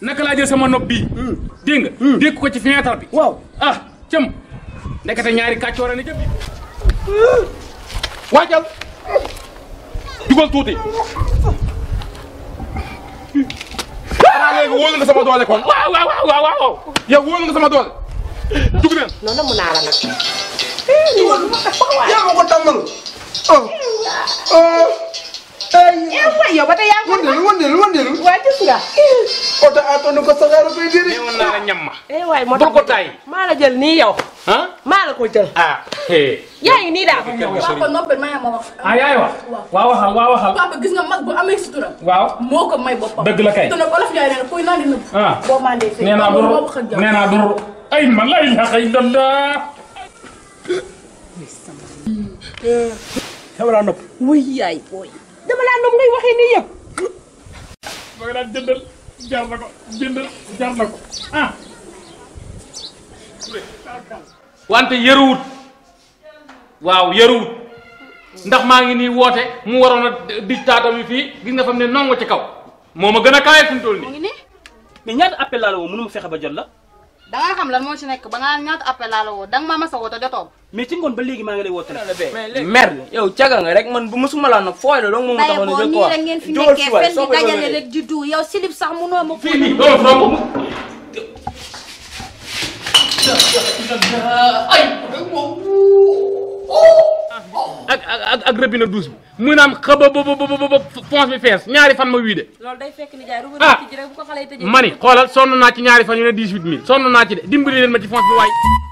naka laa jël sama nopp bii. Hmm. dégg nga. Hmm. ko ci fenêtre bi. waaw ah cëm. ndekete ñaari kàccoor ne jëm. waajal. dugal tuuti. ah léegi wóolu nga sama doole kon. waaw waaw waaw yow wóolu nga sama doole. dugg nañ. non non yaa ma ko tàmmal. ah ah. waaye gis nga. oto àttoon ko saxaaru koy diri. newoon naa la ñam ma. eh waay moo tax bul ko taay. maa la jël nii yow. ah maa la ko jël. ah. yaa ngi nii daal. waaw kon noppal maa ma wax. ah yaay wax. waaw waxal waaw waxal. papa gis nga mag bu amee sutura. waaw moo ko may boppam. dëgg la kay te nag olof yaay nee na fooy naa di nëbb. ah boo maa dee fee. nee naa dur nee naa dur ay ma lay la xëy danda. sama laa nopp. wuy yaay booy. dama laa nopp ngay waxee nii yëpp. ma nga daan jëndal jar na ah. wante yëruwut waaw yëruwut ndax maa ngi nii woote mu waroon a di taata mi fii gis nga fam ne nongo ci kaw moo ma gën a kaayee fi mu toll nii. mais ñaata appel laa la woo mënu fexe ba jot la. da nga xam lan moo ci nekk ba nga ñaata appel laa la woo da nga maa mës a woo te jotoo mais ci ngoon ba léegi maa ngi lay woo téléphone mer yow caga nga rek man bu mësuma laa nag fooy la donc moom taxoon na jël ko wax jóol si waay soo ko jóolee rek di du yow silib sax munoo ma fii nii doo ak ak rëbbi na douche bi mu naan xaba ba ba ba ba bi fees ñaari fan ma wii de. loolu day fekk ni jaay ruba ah! ci rek bu ko xale yi tëjee. ma ni xoolal sonn naa ci ñaari fan yu ne 18000. sonn naa ci de dimbali bi waay.